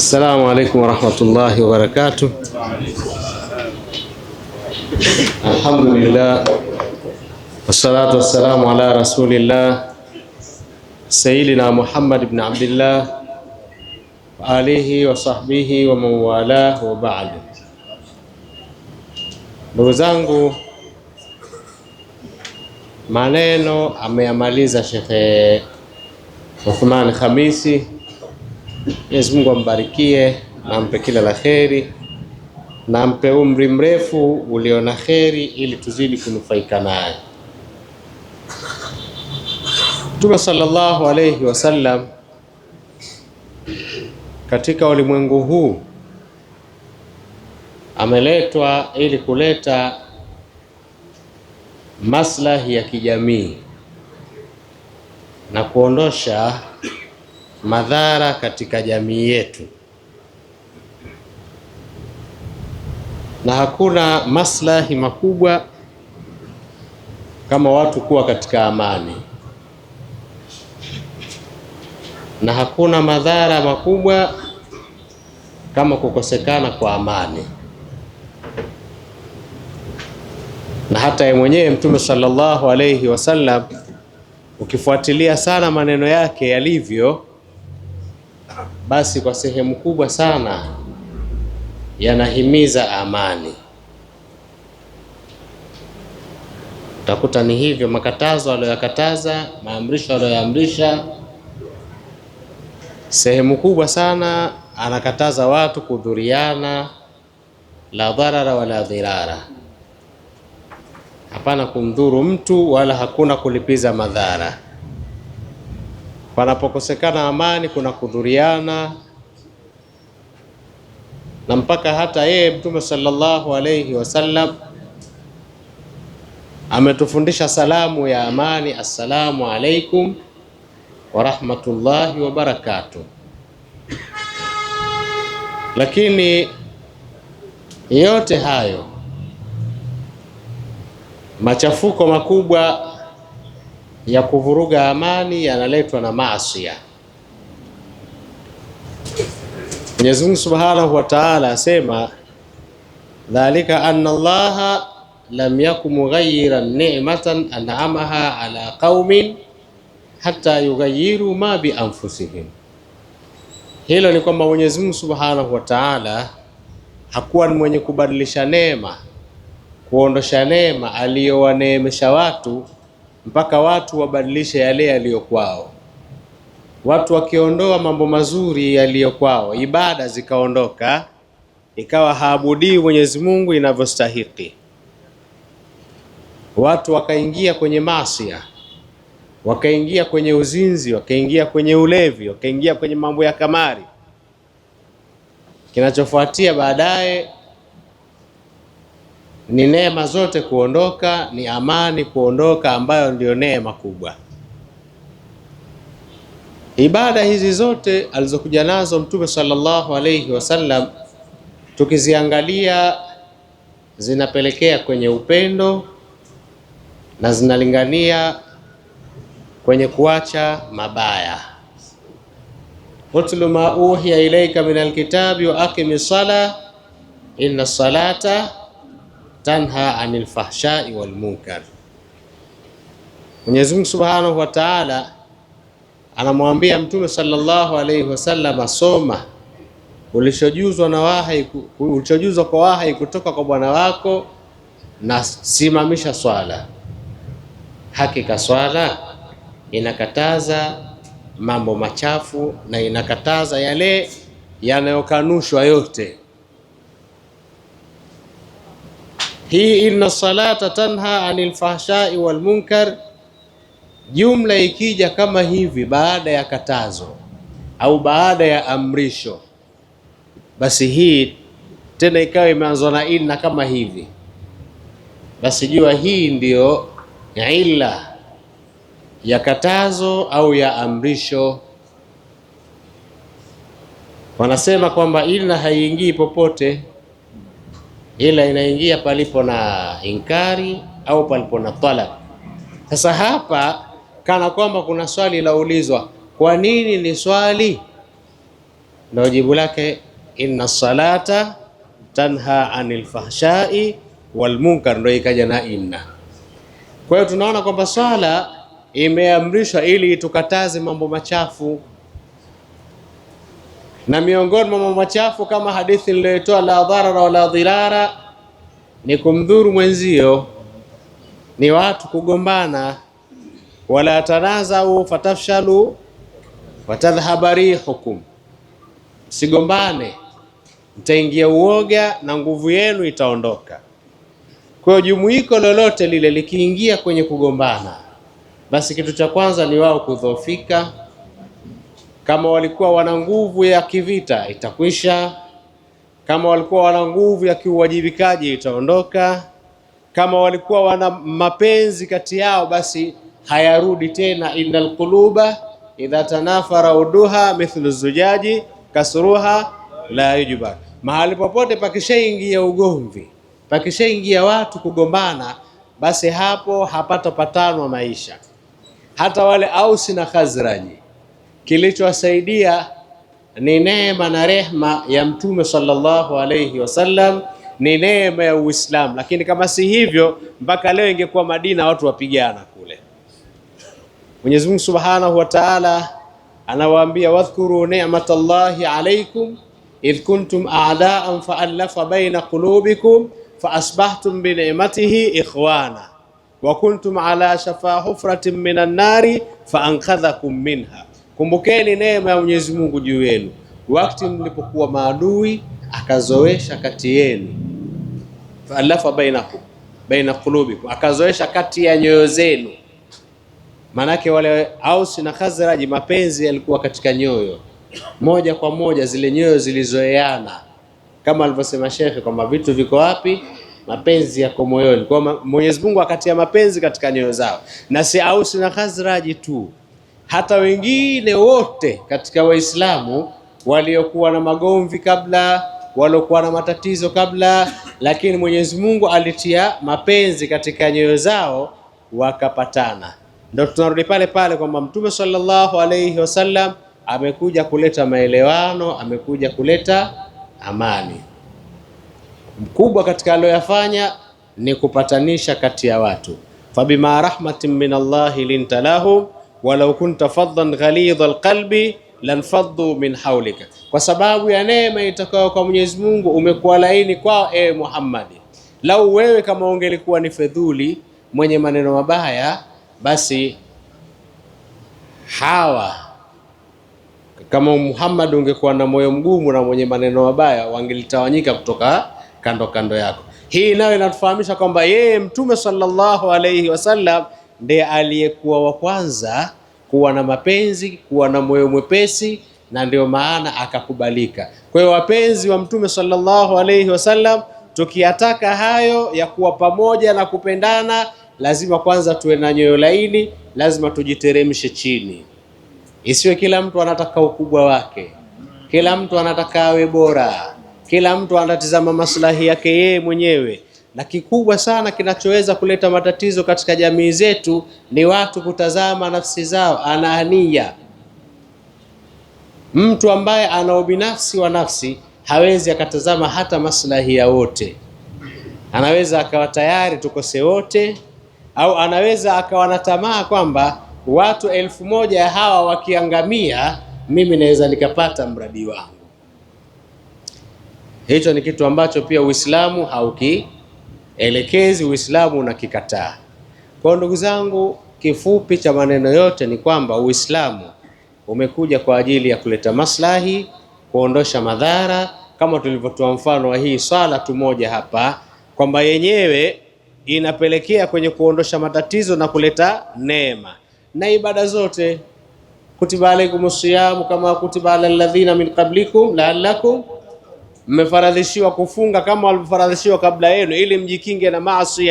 Assalamu alaikum warahmatullahi wabarakatuh. Alhamdulillah wassalatu wassalamu ala rasulillah Sayyidina Muhammad ibn Abdillah wa alihi wa sahbihi wa mawala wa ba'd. Ndugu zangu, maneno ameyamaliza Shekhe Uthman Khamisi Mwenyezi Mungu ambarikie na ampe kila la kheri na ampe umri mrefu ulio na kheri ili tuzidi kunufaika naye. Mtume sallallahu alayhi wasallam katika ulimwengu huu ameletwa ili kuleta maslahi ya kijamii na kuondosha madhara katika jamii yetu, na hakuna maslahi makubwa kama watu kuwa katika amani, na hakuna madhara makubwa kama kukosekana kwa amani. Na hata yeye mwenyewe Mtume sallallahu alayhi wasallam, ukifuatilia sana maneno yake yalivyo basi kwa sehemu kubwa sana yanahimiza amani. Utakuta ni hivyo, makatazo aliyoyakataza, maamrisho aliyoyaamrisha, sehemu kubwa sana anakataza watu kudhuriana, la dharara wala dhirara, hapana kumdhuru mtu wala hakuna kulipiza madhara. Panapokosekana amani, kuna kudhuriana na mpaka hata yeye Mtume sallallahu alayhi wasallam ametufundisha salamu ya amani, assalamu alaikum warahmatullahi wabarakatuh. Lakini yote hayo machafuko makubwa ya kuvuruga amani yanaletwa na maasi. Mwenyezi Mungu Subhanahu wa Ta'ala asema dhalika anna Allaha lam yakun mughayyiran ni'matan an'amaha ala qaumin hatta yughayyiru ma bi anfusihim, hilo ni kwamba Mwenyezi Mungu Subhanahu wa Ta'ala hakuwa ni mwenye kubadilisha neema, kuondosha neema aliyowaneemesha watu mpaka watu wabadilishe yale yaliyokwao. Watu wakiondoa mambo mazuri yaliyokwao, ibada zikaondoka, ikawa haabudii Mwenyezi Mungu inavyostahiki, watu wakaingia kwenye masia, wakaingia kwenye uzinzi, wakaingia kwenye ulevi, wakaingia kwenye mambo ya kamari, kinachofuatia baadaye ni neema zote kuondoka, ni amani kuondoka, ambayo ndio neema kubwa. Ibada hizi zote alizokuja nazo Mtume sallallahu alayhi wasallam, tukiziangalia zinapelekea kwenye upendo na zinalingania kwenye kuacha mabaya. utlu ma uhiya ilaika min alkitabi wa aqimi sala inna salata tanha anil fahshai wal munkar. Mwenyezi Mungu Subhanahu wa Ta'ala anamwambia Mtume sallallahu alayhi wasallam, soma ulichojuzwa na wahai, ulichojuzwa kwa wahai kutoka kwa Bwana wako na simamisha swala. Hakika swala inakataza mambo machafu na inakataza yale yanayokanushwa yote hii inna salata tanha anil fahshai wal munkar, jumla ikija kama hivi baada ya katazo au baada ya amrisho, basi hii tena ikawa imeanzwa na inna kama hivi, basi jua hii ndiyo illa ya katazo au ya amrisho. Wanasema kwamba inna haiingii popote ila inaingia palipo na inkari au palipo na talab. Sasa hapa kana kwamba kuna swali laulizwa, kwa nini ni swali? Ndio jibu lake, inna salata tanha anil fahshai wal munkar, ndio ikaja na inna. Kwa hiyo tunaona kwamba swala imeamrishwa ili tukataze mambo machafu. Na miongoni mwa mambo machafu kama hadithi niliyoitoa la dharara wala dhirara ni kumdhuru mwenzio, ni watu kugombana. Wala tanazau fatafshalu watadhhaba rihukum, msigombane mtaingia uoga na nguvu yenu itaondoka. Kwa hiyo jumuiko lolote lile likiingia kwenye kugombana, basi kitu cha kwanza ni wao kudhoofika kama walikuwa wana nguvu ya kivita itakwisha, kama walikuwa wana nguvu ya kiuwajibikaji itaondoka, kama walikuwa wana mapenzi kati yao basi hayarudi tena. Innal quluba idha tanafara uduha mithlu zujaji kasuruha la yujba. Mahali popote pakishaingia ugomvi, pakishaingia watu kugombana, basi hapo hapata patano maisha, hata wale Ausi na Khazraji Kilichowasaidia ni neema na rehma ya Mtume sallallahu alayhi wasallam, ni neema ya Uislamu. Lakini kama si hivyo, mpaka leo ingekuwa Madina watu wapigana kule. Mwenyezi Mungu subhanahu wa taala anawaambia, wadhkuru ni'matallahi alaykum idh kuntum a'daan fa'alafa baina qulubikum faasbahtum ni'matihi ikhwana wa kuntum ala shafa hufratin minan nari faankadhakum minha Kumbukeni neema ya Mwenyezi Mungu juu yenu, wakati mlipokuwa maadui, akazoesha kati yenu, faalafa bainakum baina qulubikum, akazoesha kati ya nyoyo zenu. Maanake wale Ausi na Khazraji mapenzi yalikuwa katika nyoyo moja kwa moja, zile nyoyo zilizoeana, kama alivyosema shekhe kwamba vitu viko wapi? Mapenzi yako moyoni. Kwa Mwenyezi Mungu akatia mapenzi katika nyoyo zao, na si Ausi na Khazraji tu hata wengine wote katika Waislamu waliokuwa na magomvi kabla, waliokuwa na matatizo kabla, lakini Mwenyezi Mungu alitia mapenzi katika nyoyo zao wakapatana. Ndio tunarudi pale pale kwamba Mtume sallallahu alayhi wasallam amekuja kuleta maelewano, amekuja kuleta amani. Mkubwa katika aliyoyafanya ni kupatanisha kati ya watu. Fabima rahmatin min Allahi linta lahum walau kunta faddan ghalidh alqalbi lanfaddu min haulika, kwa sababu ya neema itakayo kwa Mwenyezi Mungu umekuwa laini kwao, ewe Muhammad. Lau wewe kama ungelikuwa ni fedhuli mwenye maneno mabaya, basi hawa kama Muhammad ungekuwa na moyo mgumu na mwenye maneno mabaya, wangelitawanyika kutoka kando kando yako. Hii nayo inatufahamisha kwamba yeye Mtume sallallahu alayhi wasallam ndiye aliyekuwa wa kwanza kuwa na mapenzi, kuwa na moyo mwepesi, na ndio maana akakubalika. Kwa hiyo wapenzi wa Mtume sallallahu alaihi wasallam, tukiyataka hayo ya kuwa pamoja na kupendana, lazima kwanza tuwe na nyoyo laini, lazima tujiteremshe chini. Isiwe kila mtu anataka ukubwa wake, kila mtu anataka awe bora, kila mtu anatizama maslahi yake yeye mwenyewe na kikubwa sana kinachoweza kuleta matatizo katika jamii zetu ni watu kutazama nafsi zao, anaania. Mtu ambaye ana ubinafsi wa nafsi hawezi akatazama hata maslahi ya wote. Anaweza akawa tayari tukose wote, au anaweza akawa na tamaa kwamba watu elfu moja hawa wakiangamia, mimi naweza nikapata mradi wangu. Hicho ni kitu ambacho pia Uislamu hauki elekezi Uislamu unakikataa. Kwa ndugu zangu, kifupi cha maneno yote ni kwamba Uislamu umekuja kwa ajili ya kuleta maslahi, kuondosha madhara, kama tulivyotoa mfano wa hii swala tu moja hapa kwamba yenyewe inapelekea kwenye kuondosha matatizo na kuleta neema, na ibada zote kutiba alaikum siyamu kama kutiba alal ladhina min qablikum la'allakum mmefaradhishiwa kufunga kama walivyofaradhishiwa kabla yenu, ili mjikinge na maasi.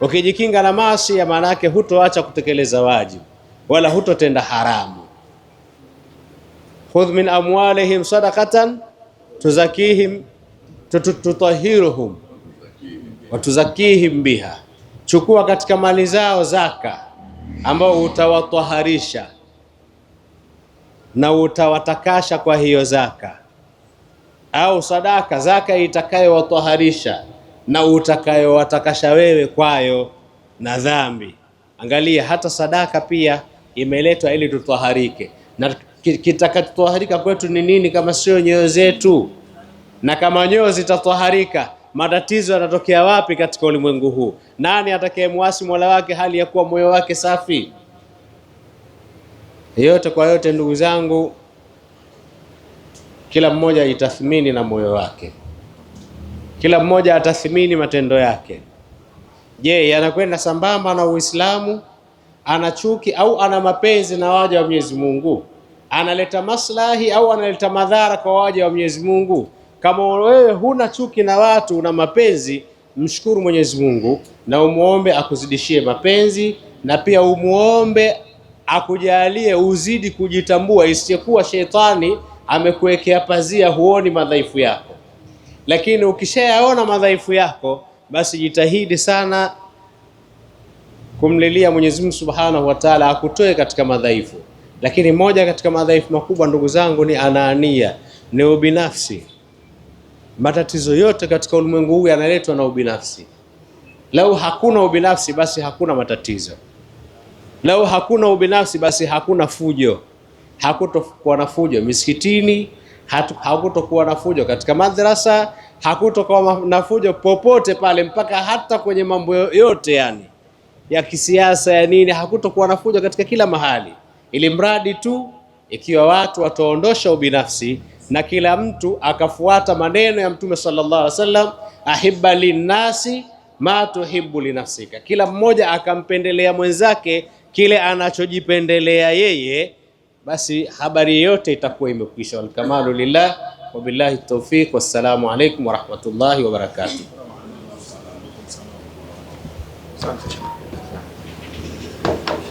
Ukijikinga na maasi, maana yake hutoacha kutekeleza wajibu wala hutotenda haramu. Khudh min amwalihim sadaqatan tuzakihim tutahiruhum watuzakihim biha, chukua katika mali zao zaka ambao utawatwaharisha na utawatakasha kwa hiyo zaka au sadaka zaka itakayowatwaharisha na utakayowatakasha wewe kwayo na dhambi. Angalia, hata sadaka pia imeletwa ili tutwaharike, na kitakatutwaharika kwetu ni nini kama sio nyoyo zetu? Na kama nyoyo zitatwaharika, matatizo yanatokea wapi katika ulimwengu huu? Nani atakayemwasi Mola wake hali ya kuwa moyo wake safi? Yote kwa yote, ndugu zangu kila mmoja ajitathmini na moyo wake, kila mmoja atathmini matendo yake. Je, yanakwenda sambamba na Uislamu? Ana chuki au ana mapenzi na waja wa Mwenyezi Mungu? Analeta maslahi au analeta madhara kwa waja wa Mwenyezi Mungu? Kama wewe huna chuki na watu, una mapenzi, mshukuru Mwenyezi Mungu na umuombe akuzidishie mapenzi, na pia umuombe akujalie uzidi kujitambua, isiyekuwa shetani amekuwekea pazia, huoni madhaifu yako. Lakini ukishayaona madhaifu yako, basi jitahidi sana kumlilia Mwenyezi Mungu Subhanahu wa Ta'ala akutoe katika madhaifu. Lakini moja katika madhaifu makubwa, ndugu zangu, ni anania, ni ubinafsi. Matatizo yote katika ulimwengu huu yanaletwa na ubinafsi. Lau hakuna ubinafsi, basi hakuna matatizo. Lau hakuna ubinafsi, basi hakuna fujo hakutokuwa na fujo misikitini, hakutokuwa na fujo katika madrasa, hakutokuwa na fujo popote pale, mpaka hata kwenye mambo yote yani ya kisiasa ya nini, hakutokuwa na fujo katika kila mahali, ili mradi tu ikiwa watu wataondosha ubinafsi na kila mtu akafuata maneno ya Mtume sallallahu alaihi wasallam, ahibba linnasi ma tuhibbu linafsika, kila mmoja akampendelea mwenzake kile anachojipendelea yeye. basi habari yote itakuwa imekwisha. Walkamalu lillah wa billahi tawfiq, wassalamu alaikum warahmatullahi wabarakatuh.